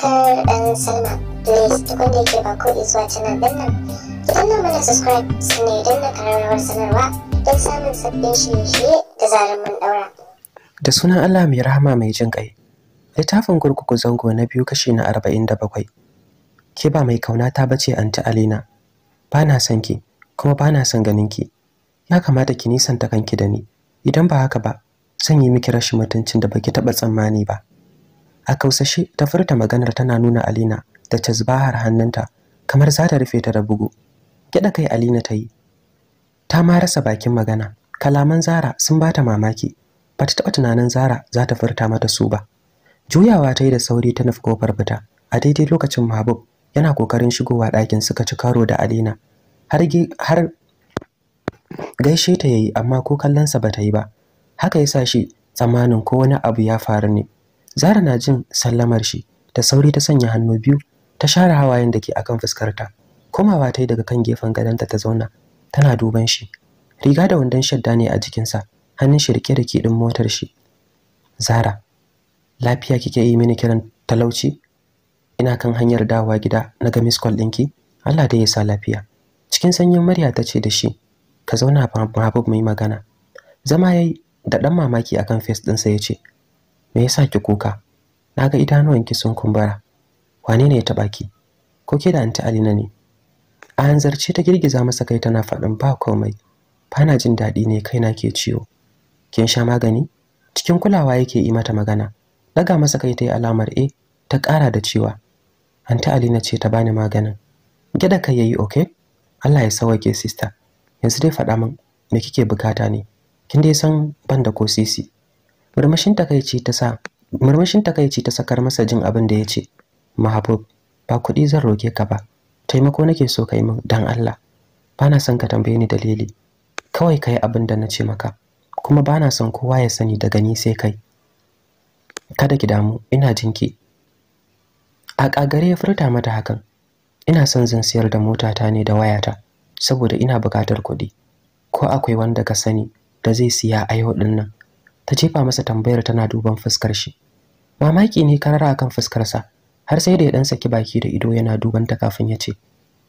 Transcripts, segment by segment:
subscribe and sign up. Please tukun da yake ba ko zuwa canal din nan. Ki danna mana subscribe sannan idan na kararrawar sanarwa don samun sabbin shirye-shirye da zarar mun daura. Da sunan Allah mai rahama mai jin ƙai. Littafin kurkuku zango na biyu kashi na arba'in da bakwai. Ke ba mai kauna ta bace anti Alina. Ba na son ki kuma ba na son ganin ki. Ya kamata ki nisan ta kanki da ni. Idan ba haka ba, zan yi miki rashin mutuncin da baki taɓa tsammani ba. a kausashe ta furta maganar tana nuna alina da tazbahar hannunta kamar za ta rufe ta da bugu gyaɗa kai alina ta yi ta ma rasa bakin magana kalaman zara sun ba ta mamaki ba ta taɓa tunanin zara za ta furta mata su ba juyawa ta yi da sauri ta nufi kofar fita a daidai lokacin mahabub yana kokarin shigowa ɗakin suka ci karo da alina har har gaishe ta yayi amma ko kallonsa ba ta yi ba haka ya sa shi tsammanin ko wani abu ya faru ne Zara na jin sallamar shi ta sauri ta sanya hannu biyu ta share hawayen da ke akan fuskarta. Komawa ta yi daga kan gefen gadonta ta zauna tana duban shi. Riga da wandon shadda ne a jikinsa, hannun shi rike da kiɗin motar shi. Zara, lafiya kike yi mini kiran talauci? Ina kan hanyar dawowa gida na ga miss ɗinki? Allah da ya sa lafiya. Cikin sanyin murya ta ce da shi, ka zauna Habib mu yi magana. Zama ya yi da ɗan mamaki akan face ɗinsa ya ce, me yasa ki kuka naga idanuwanki sun kumbura wane ne ya taba ki ko ke da anti Alina ne a hanzarce ta girgiza masa kai tana faɗin ba komai bana jin daɗi ne kaina ke ciwo kin sha magani cikin kulawa yake yi mata magana daga masa kai eh, ta yi alamar e ta kara da cewa anti Alina ce ta bani maganin gida kai yayi okay Allah ya sauke sister yanzu dai faɗa min me kike bukata ne kin dai san ban da ko sisi murmushin takaici ta sa murmushin takaici ta sakar masa jin abin da ya ce mahabub ba kuɗi zan roke ka ba taimako nake so ka yi min dan Allah bana son ka tambaye ni dalili kawai kai abin da na ce maka kuma bana son kowa ya sani daga ni sai kai kada ki damu ina jinki a kagare ya furta mata hakan ina son zan siyar da motata ne da wayata saboda ina bukatar kuɗi ko akwai wanda ka sani da zai siya ayo din nan ta jefa masa tambayar tana duban fuskar shi mamaki ne karara akan fuskarsa har sai da ya dan saki baki da ido yana duban ta kafin ya ce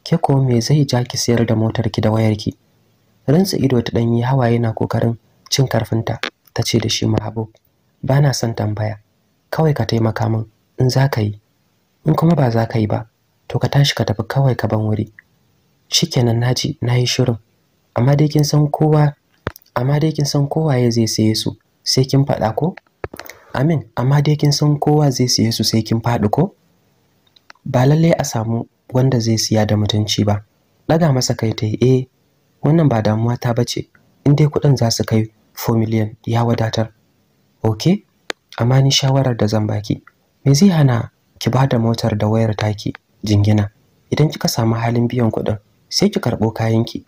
ke ko me zai ja ki sayar da motar ki da wayar ki rantsa ido ta danyi hawa yana kokarin cin karfinta ta ce da shi mahabo ba na son tambaya kawai ka taimaka min in za ka yi in kuma ba za ka yi ba to ka tashi ka tafi kawai ka ban wuri shikenan naji nayi shirin amma dai kin san kowa amma dai kin san kowaye zai saye su sai kin faɗa ko amin amma dai kin san kowa zai siye su sai kin faɗi ko ba lallai a samu wanda zai siya da mutunci ba ɗaga masa kai ta yi eh wannan ba damuwa ta bace in dai kuɗin za su kai fomiliyan, ya wadatar ok amma ni shawarar da zan baki me zai hana ki ba da motar da wayar taki jingina idan kika samu halin biyan kuɗin sai ki karɓo kayanki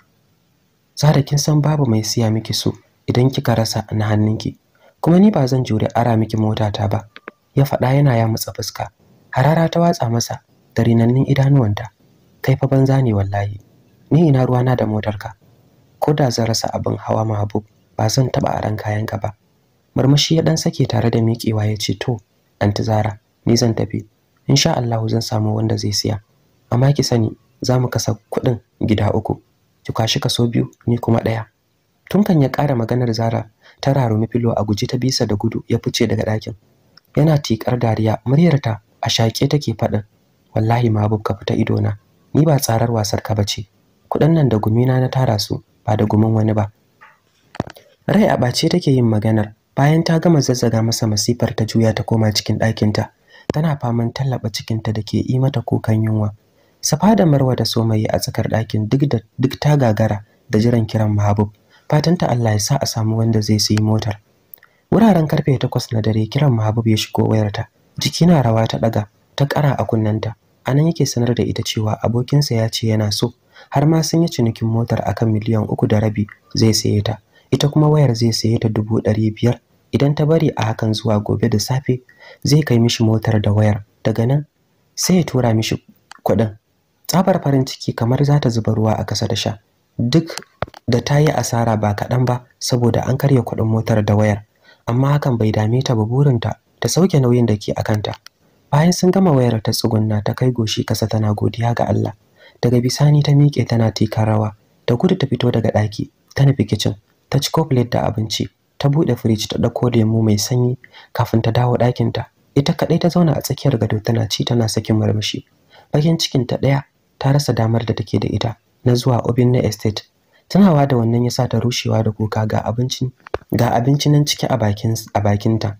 zara kin san babu mai siya miki su idan kika rasa na hannunki kuma ni ba zan jure ara miki motata ba ya faɗa yana ya mutsa fuska harara ta watsa masa da rinannin idanuwanta kai fa banza ne wallahi ni ina ruwa na da motarka ko da zan rasa abin hawa mahabub ba zan taɓa aran kayanka ba murmushi ya ɗan sake tare da miƙewa ya ce to anti zara ni zan tafi insha Allah zan samu wanda zai siya amma ki sani za mu kasa kuɗin gida uku ki kwashi kaso biyu ni kuma ɗaya tun kan ya ƙara maganar zara ta rarumi filo a guji ta bisa da gudu ya fice daga ɗakin yana tikar dariya muryarta a shaƙe take faɗin wallahi mabub ka fita idona ni ba tsarar wasar ka bace kuɗin nan da gumina na tara su ba da gumin wani ba rai a ɓace take yin maganar bayan ta gama zazzaga masa masifar ta juya ta koma cikin ɗakinta tana faman tallaba cikinta da ke yi mata kukan yunwa safa da marwa da somayi a tsakar ɗakin duk da duk ta gagara da jiran kiran mahabub fatanta Allah ya sa a samu wanda zai sayi motar wuraren karfe 8 na dare kiran Mahabub ya shigo wayarta jiki na rawa ta daga ta kara a kunnanta anan yake sanar da ita cewa abokinsa ya ce yana so har ma sun yi cinikin motar akan miliyan uku da rabi zai saye ta ita kuma wayar zai saye ta dubu ɗari biyar idan ta bari a hakan zuwa gobe da safe zai kai mishi motar da wayar daga nan sai ya tura mishi kuɗin tsabar farin ciki kamar za ta zuba ruwa a kasa da sha duk da ta yi asara ba kaɗan ba saboda an karya kuɗin motar da wayar amma hakan bai dame ta ba burinta ta sauke nauyin da ke a kanta bayan sun gama wayar ta tsugunna ta kai goshi kasa tana godiya ga Allah daga bisani ta miƙe tana tika rawa da gudu ta fito daga ɗaki ta nufi kicin ta ci plate da abinci ta buɗe firij ta ɗauko lemu mai sanyi kafin ta dawo ɗakinta ita kaɗai ta zauna a tsakiyar gado tana ci tana sakin murmushi bakin cikinta ɗaya ta rasa damar da take da ita na zuwa obin na estate tunawa da wannan ya sa ta rushewa da kuka ga abincin ga abinci nan ciki a bakin a bakinta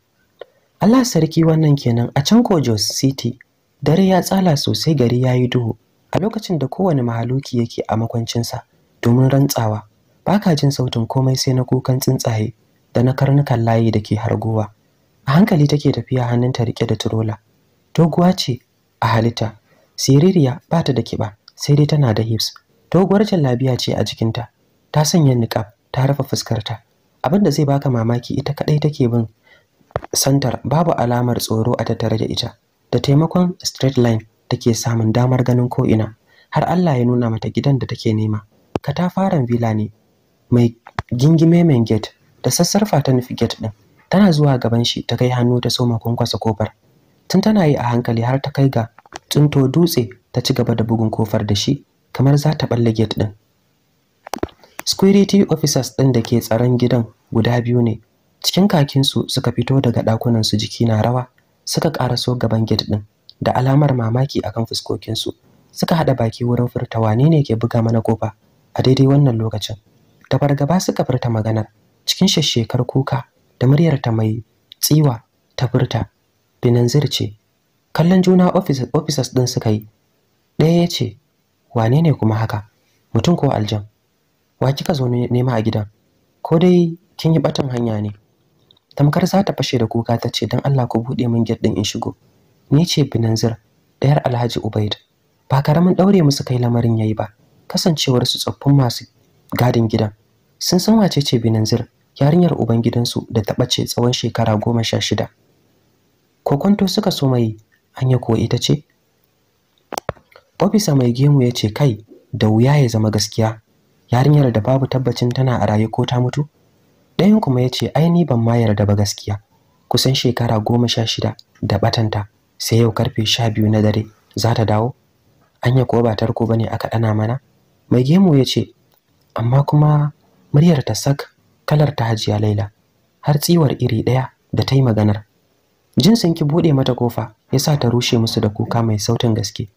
Allah sarki wannan kenan a can ko Jos City dare ya tsala sosai gari ya yi duhu a lokacin da kowane mahaluki yake a makwancinsa domin rantsawa baka jin sautin komai sai na kukan tsuntsaye da na karnukan layi da ke hargowa a hankali take tafiya hannunta rike da turola doguwa ce a halitta siririya ba ta da kiba sai dai tana da hips doguwar jallabiya ce a jikinta ta sanya niqab ta rufe fuskarta abin da zai baka mamaki ita kadai take bin santar babu alamar tsoro a tattare da ita da taimakon straight line take samun damar ganin ko ina har Allah ya nuna mata gidan da take nema katafaren villa ne mai gingime main gate da sassarfa ta nufi gate din tana zuwa gaban shi ta kai hannu ta soma kwankwasa kofar tun tana yi a hankali har ta kai ga tsinto dutse ta ci gaba da bugun kofar da shi kamar za ta balle gate din security officers ɗin da ke tsaron gidan guda biyu ne cikin kakinsu suka fito daga ɗakunansu jiki na rawa suka ƙaraso gaban gate ɗin da alamar mamaki akan fuskokinsu suka haɗa baki wurin furta wane ne ke buga mana kofa a daidai wannan lokacin da fargaba suka furta maganar cikin shashshekar kuka da muryar ta mai tsiwa ta furta binanzir ce kallon juna officers ɗin suka yi ɗaya ya ce wane ne kuma haka mutum ko aljan wa kika zo nema a gidan ko dai kin yi batun hanya ne tamkar za ta fashe da kuka ta ce don allah ku buɗe min gate in shigo ni ce binanzir ɗayar alhaji ubaid ba karamin ɗaure musu kai lamarin yayi ba kasancewar su tsoffin masu gadin gidan sun san wace ce binanzir yarinyar uban gidansu da ta ɓace tsawon shekara goma sha shida kokonto suka so mai hanya ko ita ce ofisa mai gemu ya ce kai da wuya ya zama gaskiya yarinyar da babu tabbacin tana a raye ko ta mutu ɗayan kuma ya ce ai ni ban ma yarda ba gaskiya kusan shekara goma sha shida da batanta sai yau karfe sha biyu na dare za ta dawo anya ko ba tarko ba ne aka ɗana mana mai gemu ya ce amma kuma muryar ta sak kalar ta hajiya laila har tsiwar iri ɗaya da ta yi maganar Jin sun ki buɗe mata kofa ya sa ta rushe musu da kuka mai sautin gaske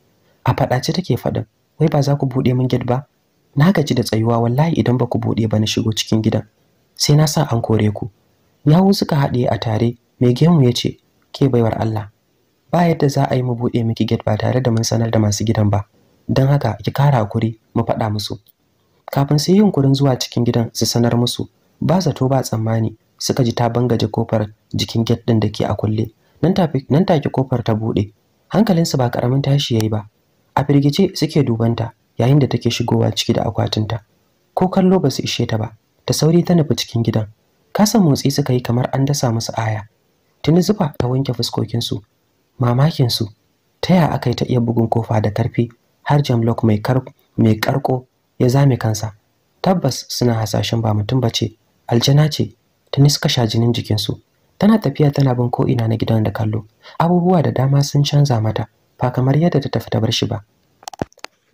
a faɗace take faɗin wai ba za ku buɗe min gid ba na gaji da tsayuwa wallahi idan ba ku buɗe ba na shigo cikin gidan sai na sa an kore ku yawu suka haɗe a tare mai gemu ya ce ke baiwar Allah ba yadda za a yi mu buɗe miki gate ba tare da mun sanar da masu gidan ba don haka ki kara hakuri mu faɗa musu kafin su yi yunkurin zuwa cikin gidan su sanar musu ba zato ba tsammani suka ji ta bangaje kofar jikin gate ɗin da ke a kulle nan take kofar ta buɗe hankalinsu ba karamin tashi yayi ba a firgice suke dubanta yayin da take shigowa ciki da akwatinta ko kallo ba su ishe ta ba ta sauri ta nufi cikin gidan Kasan motsi suka yi kamar an dasa musu aya tuni zufa ta wanke fuskokinsu mamakinsu ta ya aka yi ta iya bugun kofa da karfi har jamlock mai mai karko ya zame kansa tabbas suna hasashen ba mutum ba ce. aljana ce tuni suka sha jinin jikinsu tana tafiya tana bin ko'ina na gidan da kallo abubuwa da dama sun canza mata ba kamar yadda ta tafi ta bar shi ba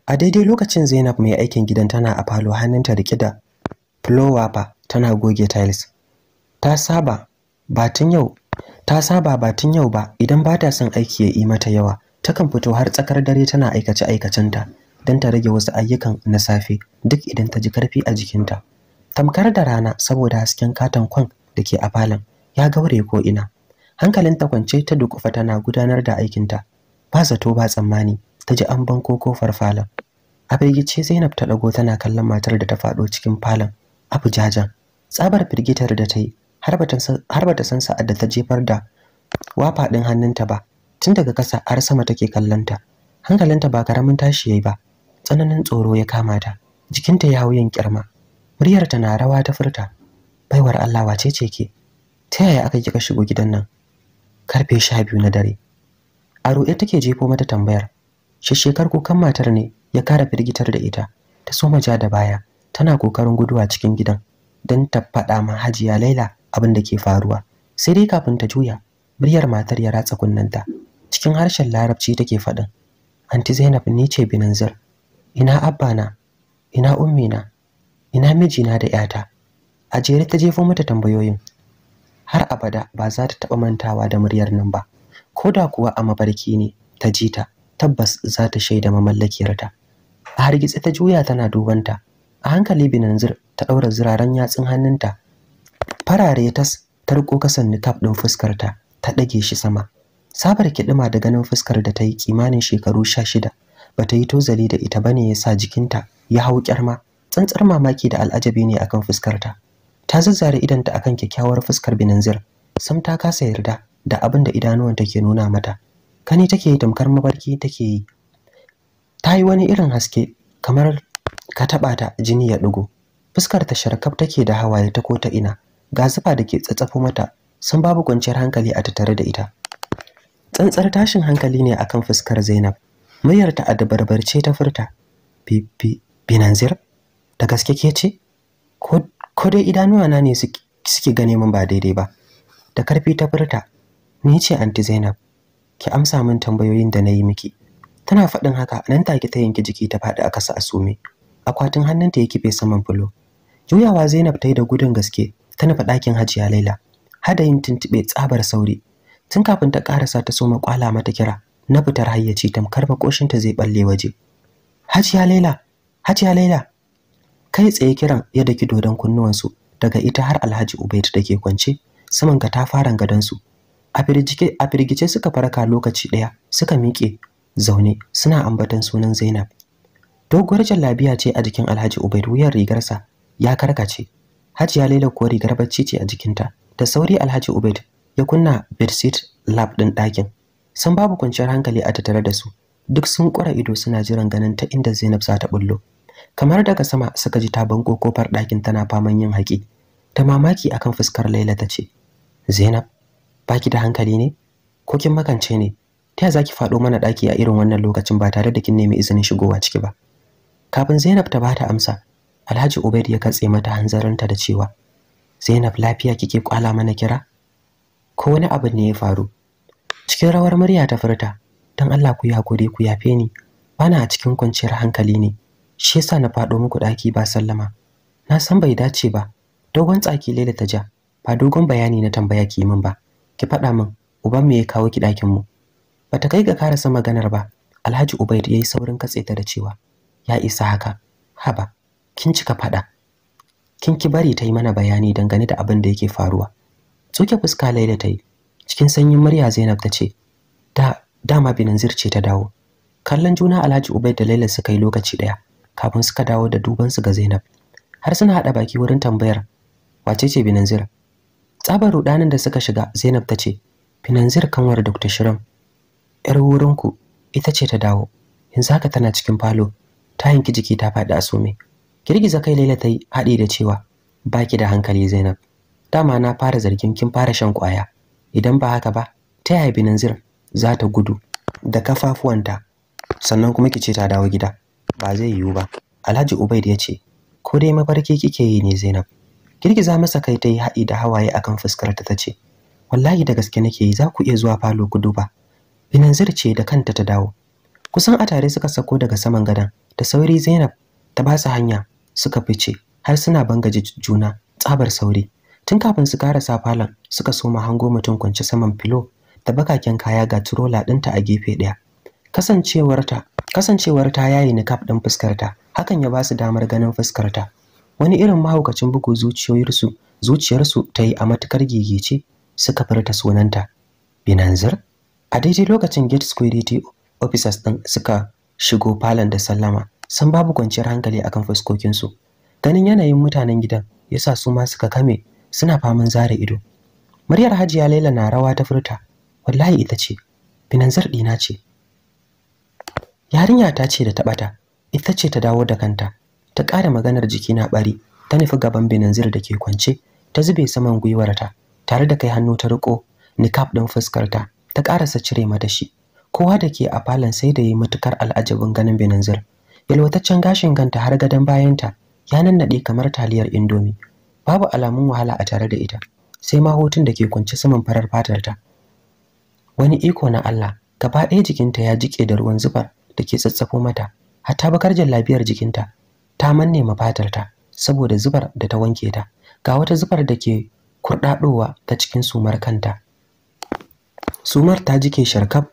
a daidai lokacin zainab mai aikin gidan tana a falo hannunta riƙe da flower tana goge tiles ta saba batun yau ta saba tun yau ba idan ba ta son aiki ya yi mata yawa takan fito har tsakar dare tana aikace aikacenta don ta rage wasu ayyukan na safe duk idan ta ji karfi a jikinta tamkar da rana saboda hasken katon kwan da ke a falon ya gaure ko ina hankalin ta kwance ta dukufa tana gudanar da aikinta ba zato ba tsammani ta ji an banko kofar falon a baigice zainab ta ɗago tana kallon matar da ta faɗo cikin falon abu jajan tsabar firgitar da ta yi har ba ta san sa'ad da ta jefar da wafa ɗin hannunta ba tun daga ƙasa har sama take kallonta hankalinta ba karamin tashi yayi ba tsananin tsoro ya kama ta jikinta ya hauyin kirma muryarta na rawa ta furta baiwar Allah wace ce ke ta yaya aka kika shigo gidan nan karfe sha biyu na dare a ruɗe take jefo mata tambayar shekar kukan matar ne ya kara firgitar da ita ta soma ja da baya tana kokarin guduwa cikin gidan don ta faɗa ma hajiya laila abin da ke faruwa sai dai kafin ta juya muryar matar ya ratsa kunnanta cikin harshen larabci take faɗin anti zainab ni ce binanzir ina abba na ina ummina ina mijina da yata a jere ta jefo mata tambayoyin har abada ba za ta taɓa mantawa da muryar nan ba ko da kuwa a mabarki ne ta ji ta tabbas za ta shaida mamallakiyarta a hargitsi ta juya tana dubanta a hankali binanzir ta ɗaura ziraren yatsun hannunta farare tas ta riko kasan nikaf ɗin fuskarta ta ɗage shi sama sabar kiɗima da ganin fuskar da ta yi kimanin shekaru sha shida ba ta yi tozali da ita bane ya sa jikinta ya hau kyarma tsantsar mamaki da al'ajabi ne akan fuskarta ta zazzare idanta akan kyakkyawar fuskar binanzir sam ta kasa yarda da abin da idanuwanta ke nuna mata kani take yi tamkar mabarki take yi ta yi wani irin haske kamar ka taɓa ta jini ya ɗigo fuskar ta sharkaf take da hawaye ta ko ta ina ga zufa da ke tsatsafo mata sun babu kwanciyar hankali a tattare da ita tsantsar tashin hankali ne akan fuskar Zainab muryar ta a dabarbarce ta furta binanzir da gaske ke ce ko dai idanuwa na ne suke gane min ba daidai ba da karfi ta furta ni ce anti Zainab ki amsa min tambayoyin da na yi miki tana faɗin haka nan take ta yanki jiki ta faɗi a kasa a sume akwatin hannunta ya kife saman fulo juyawa zainab ta yi da gudun gaske ta nufi ɗakin hajiya laila hada yin tuntuɓe tsabar sauri tun kafin ta ƙarasa ta soma kwala mata kira na fitar hayyaci tamkar ta zai ɓalle waje hajiya laila hajiya laila kai tsaye kiran ya daki dodon kunnuwansu daga ita har alhaji ubaid da ke kwance saman katafaren gadonsu a firgice suka farka lokaci ɗaya suka miƙe zaune suna ambatan sunan zainab doguwar jallabiya ce a jikin alhaji ubaid wuyan rigarsa ya karkace hajiya laila kuwa rigar bacci ce a jikinta da sauri alhaji ubaid ya kunna bedsheet lab ɗin ɗakin san babu kwanciyar hankali a tattare da su duk sun ƙura ido suna jiran ganin ta inda zainab za ta bullo kamar daga sama suka ji ta banko ɗakin tana faman yin haƙi ta mamaki akan fuskar laila ta ce zainab baki da hankali ne ko kin makance ne ta za ki faɗo mana ɗaki a irin wannan lokacin ba tare da kin nemi izinin shigowa ciki ba kafin zainab ta bata amsa alhaji ubaid ya katse mata hanzarinta da cewa zainab lafiya kike kwala mana kira ko wani abu ne ya faru cikin rawar murya ta furta don allah ku yi hakuri ku yafe ni bana a cikin kwanciyar hankali ne shi yasa na faɗo muku ɗaki ba sallama na san bai dace ba dogon tsaki lele ta ja ba dogon bayani na tambaya ki min ba ki faɗa min uban me ya kawo ki ɗakin mu bata kai ga karasa maganar ba Alhaji ya yi saurin katse ta da cewa ya isa haka haba kin cika faɗa kin ki bari ta yi mana bayani dangane da abin da yake faruwa Tsoke fuska Laila ta yi cikin sanyin murya Zainab ta ce da dama Binanzir ce ta dawo kallon juna Alhaji Ubaid da Laila suka yi lokaci ɗaya, kafin suka dawo da dubansu ga Zainab har suna haɗa baki wurin tambayar wace ce Binanzir tsabar rudanin da suka shiga zainab ta ce finanzir kanwar dr shiram yar wurinku ita ce ta dawo yanzu haka tana cikin falo ta yanki jiki ta faɗi a girgiza kai laila ta yi haɗi da cewa baki da hankali zainab dama na fara zargin kin fara shan kwaya idan ba haka ba ta yaya binanzir za ta gudu da kafafuwanta sannan kuma ki ce ta dawo gida ba zai yiwu ba alhaji ubaid ya ce ko dai mafarki kike yi ne zainab girgiza masa kai ta yi haɗi da hawaye a kan fuskarta ta ce wallahi da gaske nake yi za ku iya zuwa falo gudu ba. binanzir ce da kanta ta dawo kusan a tare suka sako daga saman gadon da sauri zainab ta ba su hanya suka fice har suna bangaji juna tsabar sauri tun kafin su karasa falon suka soma hango mutum kwanci saman filo da bakaken kaya ga turola ɗinta a gefe ɗaya kasancewarta kasancewar ta yayi nikaf ɗin fuskarta hakan ya ba su damar ganin fuskarta wani irin mahaukacin bugu zuciyoyinsu zuciyarsu ta yi a matukar gigice suka furta sunanta binanzar a daidai lokacin gate security officers din suka shigo falon da sallama san babu kwanciyar hankali akan fuskokinsu ganin yanayin mutanen gidan yasa su ma suka kame suna faman zare ido muryar hajiya laila na rawa ta furta wallahi ita ce binanzar dina ce yarinya ta ce da ta ɓata, ita ce ta dawo da kanta ta ƙara maganar jiki na ɓari ta nufi gaban benanzir da ke kwance ta zube saman gwiwarta tare da kai hannu ta riƙo nikaf ɗin fuskarta ta ƙarasa cire mata shi kowa da ke a falon sai da yi matukar al'ajabin ganin benanzir yalwataccen gashin ganta har gadon bayanta ya nannaɗe kamar taliyar indomi babu alamun wahala a tare da ita sai ma hotun da ke kwance saman farar fatarta wani iko na Allah gaba ɗaya jikinta ya jike da ruwan zubar da ke tsatsafo mata hatta bakar jallabiyar jikinta ta manne mafatarta saboda zubar da ta wanke ta ga wata zubar da ke kurɗaɗowa ta cikin sumar kanta sumar ta jike sharkaf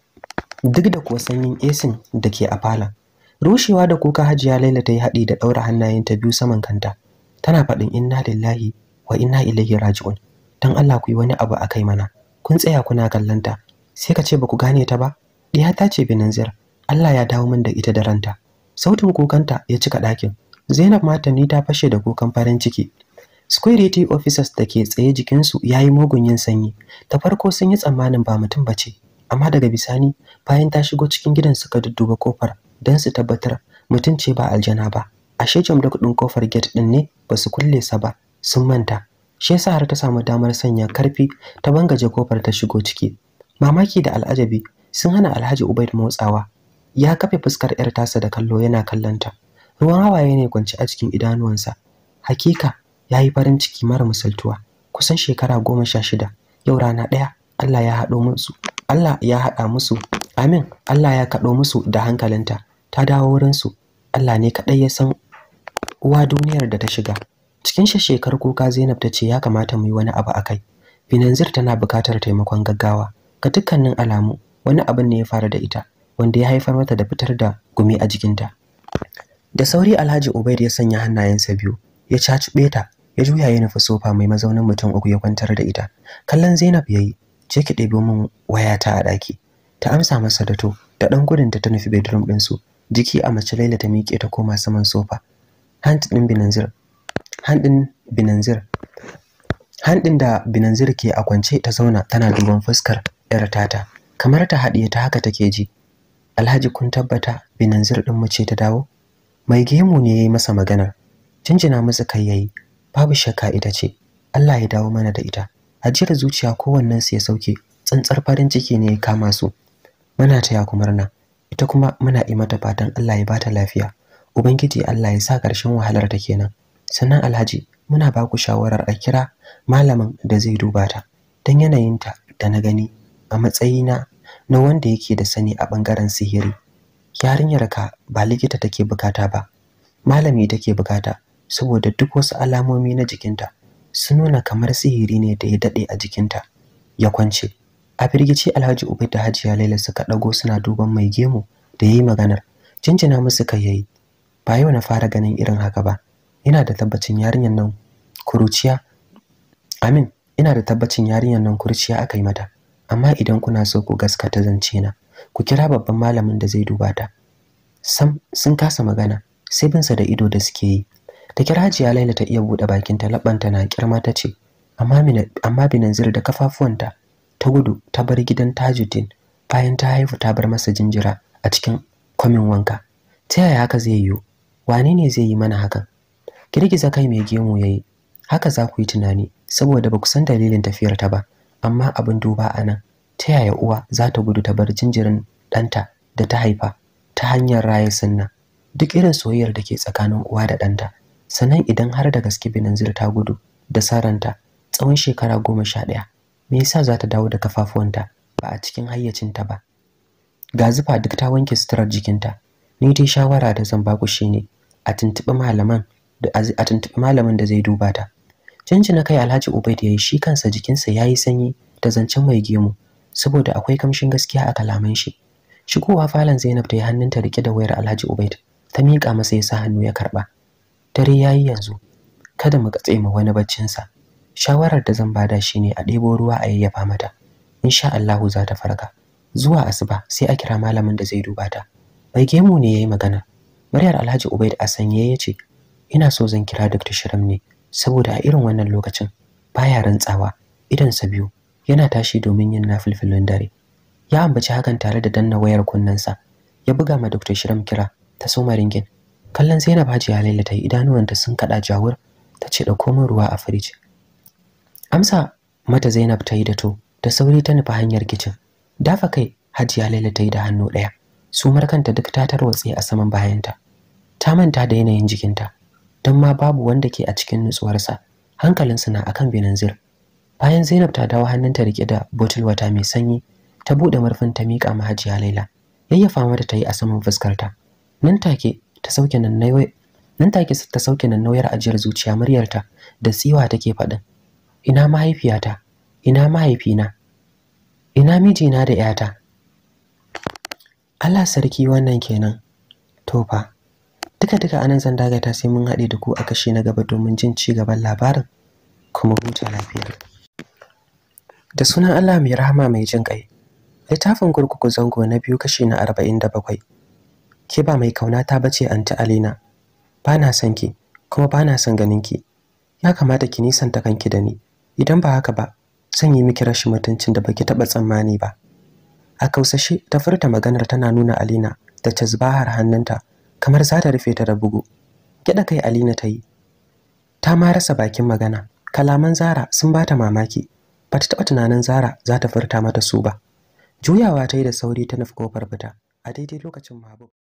duk da kuwa sanyin esin da ke a falon rushewa da kuka hajiya laila ta yi haɗi da ɗaura hannayenta biyu saman kanta tana faɗin inna lillahi wa inna ilaihi raji'un dan Allah ku yi wani abu a kai mana kun tsaya kuna kallanta sai ka ce ba ku gane ta ba ɗiya ta ce binanzir Allah ya dawo min da ita da ranta sautin kukanta ya cika dakin. Zainab Mata ne ta fashe da kokan farin ciki. Security officers da ke tsaye jikinsu ya yi mugun yin sanyi. Ta farko sun yi tsammanin ba mutum ba ce, amma daga bisani bayan ta shigo cikin gidan suka dudduba kofar don su tabbatar mutum ce ba aljana ba. Ashe da ɗin kofar gate ɗin ne ba su kulle sa ba, sun manta. Shi yasa har ta samu damar sanya karfi ta bangaje kofar ta shigo ciki. Mamaki da al'ajabi sun hana Alhaji Ubaid motsawa. Ya kafe fuskar 'yar tasa da kallo yana kallonta. ruwan hawaye ne kwance a cikin idanuwansa hakika ya yi farin ciki mara misaltuwa kusan shekara goma sha shida yau rana ɗaya Allah ya haɗo musu Allah ya haɗa musu amin Allah ya kaɗo musu da hankalinta ta dawo wurinsu Allah ne kaɗai ya san uwa duniyar da ta shiga cikin shekar kuka Zainab ta ce ya kamata mu yi wani abu a kai. Binanzir tana buƙatar taimakon gaggawa ga dukkanin alamu wani abin ne ya fara da ita wanda ya haifar mata da fitar da gumi a jikinta da sauri alhaji ubaid ya sanya hannayensa biyu ya caci ta ya juya ya nufi sofa mai mazaunin mutum uku ya kwantar da ita kallon zainab ya yi je ki ɗebo min wayata a ɗaki ta amsa masa da to da ɗan gudun ta nufi bedroom ɗinsu jiki a mace laila ta miƙe ta koma saman sofa hand ɗin handin da binanzir ke a kwance ta zauna tana duban fuskar yar tata kamar ta haɗiye ta haka take ji alhaji kun tabbata binanzir ɗin mu ce ta dawo mai gemu ne ya yi masa magana. jinjina masa kai yayi babu shakka ita ce Allah ya dawo mana da ita ajiyar zuciya kowannen su ya sauke tsantsar farin ciki ne ya kama su muna taya kumarna. ita kuma muna yi mata fatan Allah ya bata lafiya ubangiji Allah ya sa ƙarshen wahalar ta kenan sannan Alhaji muna ba ku shawarar a kira malamin da zai duba ta dan yanayinta da na gani a matsayina na wanda yake da sani a ɓangaren sihiri yarinyar ka ba likita take bukata ba malami take bukata saboda duk wasu alamomi na jikinta sun nuna kamar sihiri ne da ya dade a jikinta ya kwance a firgici Alhaji Ubaid da Hajiya Laila suka dago suna duban mai gemu da yayi maganar jinjina musu kai yayi ba yau na fara ganin irin haka ba ina da tabbacin yarinyar nan kuruciya amin ina da tabbacin yarinyar nan kurciya aka yi mata amma idan kuna so ku gaskata zance na ku kira babban malamin da zai duba ta sam sun kasa magana sai binsa da ido da suke yi Ta kira hajiya laila ta iya buɗe bakin ta labanta na kirma ta ce amma binanzir da kafafuwanta ta gudu ta bar gidan tajuddin bayan ta haifu ta bar masa jinjira a cikin kwamin wanka ta yaya haka zai yiwu wane ne zai yi mana hakan girgiza kai mai gemu yayi haka za ku yi tunani saboda ba ku san dalilin tafiyar ta ba amma abin duba a nan ta yaya uwa za ta gudu ta bar jinjirin ɗanta da ta haifa ta hanyar raye sunna duk irin soyayyar da ke tsakanin uwa da ɗanta sannan idan har da gaske binanzir ta gudu da saranta tsawon shekara goma sha ɗaya me yasa za ta dawo da kafafuwanta ba a cikin hayyacinta ba ga zufa duk ta wanke suturar jikinta ni dai shawara da zan baku shine a tuntuɓi malaman da a tuntuɓi malamin da zai duba ta canji na kai alhaji ubaid yayi shi kansa jikinsa yayi sanyi da zancen mai gemu saboda akwai kamshin gaskiya a kalaman shi shigowa falon Zainab ta yi hannunta rike da wayar Alhaji Ubaid ta miƙa masa ya sa hannu ya karɓa dare yayi yanzu kada mu katse mu wani baccin sa shawarar da zan bada shine a debo ruwa a yayyafa mata insha Allahu za ta farka zuwa asuba sai a kira malamin da zai duba ta bai gemu ne yayi magana muryar Alhaji Ubaid a sanye ce. ina so zan kira Dr. Shiram ne saboda a irin wannan lokacin baya rantsawa idan sa biyu yana tashi domin yin nafilfilin dare ya ambaci hakan tare da danna wayar kunnensa ya buga ma Dr. Shiram kira ta soma ringin kallon Zainab Hajiya Laila ta yi idanuwanta sun kada jawur ta ce dauko min ruwa a firij amsa mata Zainab ta yi da to da sauri ta nufi hanyar kicin dafa kai Hajiya Laila ta yi da hannu ɗaya su markanta duk ta tarwatse a saman bayanta ta manta da yanayin jikinta don ma babu wanda ke a cikin nutsuwarsa hankalinsu na akan zir. bayan Zainab ta dawo hannunta rike da bottle wata mai sanyi ta bude murfin ta mika ma Hajiya Laila yayyafa mata tayi a saman fuskarta nan take ta sauke nan nayi nan take ta sauke nan nauyar ajiyar zuciya muryarta da tsiwa take faɗin ina mahaifiyata ina mahaifina ina mijina da yata Allah sarki wannan kenan to fa duka duka anan zan dagata sai mun haɗe da ku a kashi na gaba domin jin ci gaban labarin kuma huta lafiya da sunan Allah mai rahama mai jin ƙai littafin kurkuku zango na biyu kashi na arba'in da bakwai ke ba mai kauna ta bace anti alina ba na son ki kuma ba na son ganin ki ya kamata ki nisanta kanki da ni idan ba haka ba zan yi miki rashin mutuncin da baki taɓa tsammani ba a kausashe ta furta maganar tana nuna alina da tazbahar hannunta kamar za ta rufe ta da bugu gyaɗa kai alina ta yi ta ma rasa bakin magana kalaman zara sun bata mamaki ba ta taɓa tunanin Zara za ta furta mata su ba. Juyawa ta yi da sauri ta nufi kofar fita. A daidai lokacin Mahabub